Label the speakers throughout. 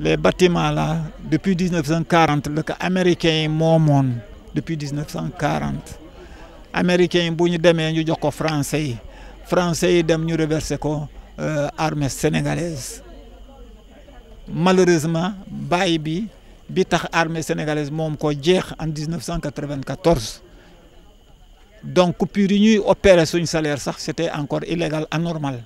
Speaker 1: les bâtiments là depuis 1940 les américains sont depuis 1940 américains yi ñu français Les français ont dem ñu reversé euh, sénégalaise malheureusement la bi armée sénégalaise mom ko en 1994 donc pour nous, ñuy opérer suñ salaire c'était encore illégal anormal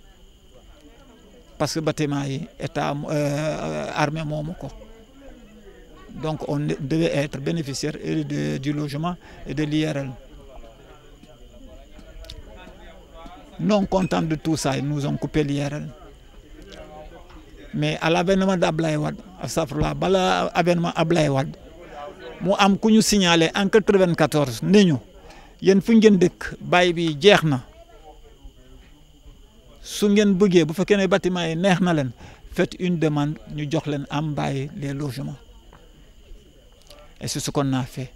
Speaker 1: parce que bâtiment est armé à Momoko. donc on devait être bénéficiaire du logement et de l'IRL non content de tout ça ils nous ont coupé l'IRL mais à l'avènement d'Ablaye à safra bala avènement Ablaye Wade am signalé en 1994, ne ñu yéen fu si vous avez bu de bâtiment faites une demande ñu jox vous bail les logements et c'est ce qu'on a fait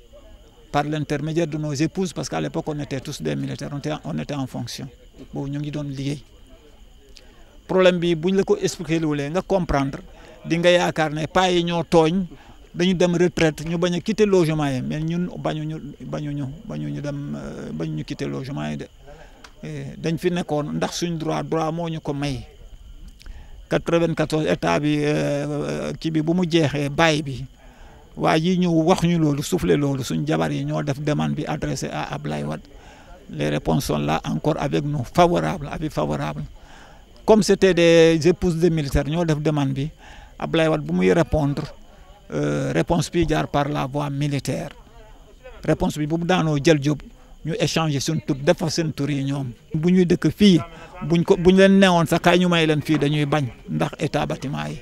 Speaker 1: par l'intermédiaire de nos épouses parce qu'à l'époque on était tous des militaires on était en fonction boobu ñu ngi lié. Le problème si vous la ko expliquer vous nga comprendre di nga yaakaar ne pas yi ñoo dañu dem retraite ñu bañ quitté quitter logement mais ñun bañuñu bañuñu bañuñu euh, quitter logement eh, dañ fi nekkoon ndax suñ droit droit moo ñu ko may 94 état bi ci eh, eh, bi bu mu jeexee bàyyi bi waa ji ñëw wax ñu loolu soufflé loolu suñ jabar yi ñoo def demande bi adressé à Ablaye Wade les réponses sont là encore avec nous favorable avis favorable comme c'était des épouses de militaires ñoo def demande bi Ablaye Wade bu muy répondre euh, réponse bi jaar par la voie militaire réponse bi bu mu daanoo jël Diop ñu échanger suñ tur defar seen tur yi ñoom de ñuy dëkk fii buñ ko buñ leen neewoon sax kaay ñu may leen fii dañuy bañ ndax état bâtiment yi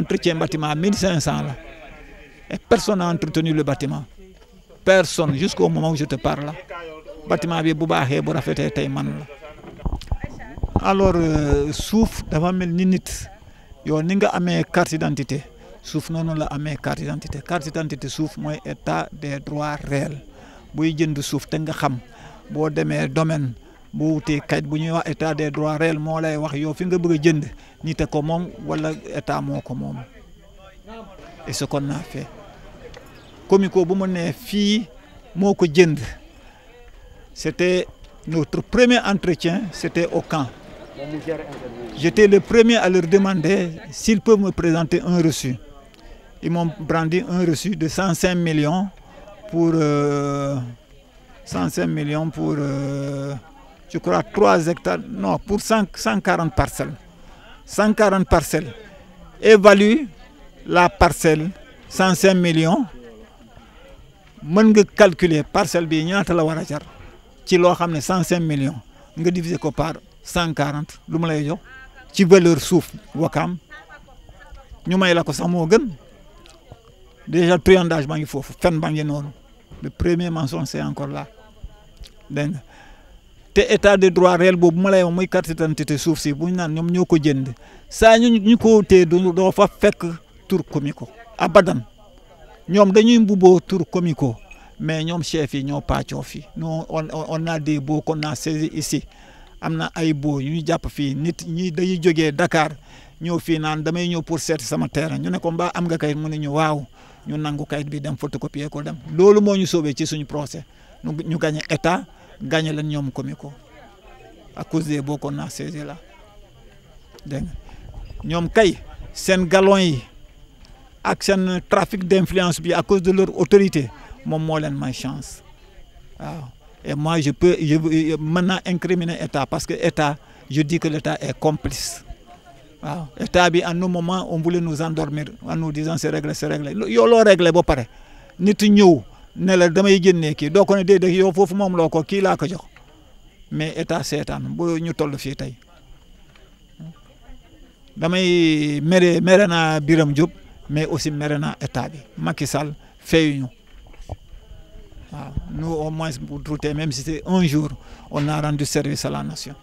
Speaker 1: entretien bâtiment 1500 la et personne n'a entretenu le bâtiment personne jusqu'au moment où je te parle bâtiment a bu baaxee bu rafetee et man alors euh, suuf dafa mel ni nit yo ni nga carte d'identité Nous avons la carte d'identité carte d'identité suuf l'état état des droits réels buy jënd suuf te nga xam boo demee domaine bu wutee kayit bu ñuy wax état des droits réels moo lay wax yow fi nga bëgg a jënd nite ko moom wala état moo ko moom et ce qu'on a fait comico bu mu nee fii moo ko jënd c'était notre premier entretien c'était au camp j'étais le premier à leur demander s'ils peuvent me présenter un reçu ils m'ont brandi un reçu de 105 millions pour 105 euh, millions pour, euh, je crois, 3 hectares, non, pour 140 parcelles. 140 parcelles. Évalue la parcelle, 105 millions. mën nga calculer parcelle bi la wara ci 105 millions nga diviser par 140 lu mu lay jox ci valeur souf wakam ñu may la ko sax mo gën déjà triandage baa ngi le premier mensonge c'est encore là dégg te état de droit réel boobu ma lay wax muy carte d'identité suuf si bu ñu naan ñoom ñoo ko jënd saa ñu ñu ko téye doo fa fekk tur comico abadan ñoom dañuy mbuboo tur comico mais ñoom chef fii ñoo pàccoo fii non on on a des baux qu'on a saisi am na ay baux yu ñu jàpp fii nit ñi dañuy jógee dakaar ñëw fii naan damay ñëw pour seet sama terrain ñu ne ko mbaa am nga kay mu ne ñu waaw. ñu nangu kayit bi dem photocopier ko dem loolu moo ñu sauvé ci suñu procès ñu gagné état gagné ñoom à cause des qu'on a saisi Nous dégg ñoom kay seen galon yi ak seen trafic d'influence bi à cause de leur autorité moom moo leen may chance et moi je peux maintenant incriminer état parce que état je dis que l'état est complice et à moment on voulait nous endormir en nous disant c'est réglé c'est réglé Ils règles pare nit ne nous sommes génnee nous sommes ko ko mais état damay Birame Diop mais aussi mere état bi Macky nous au moins même si c'est un jour on a rendu service à la nation.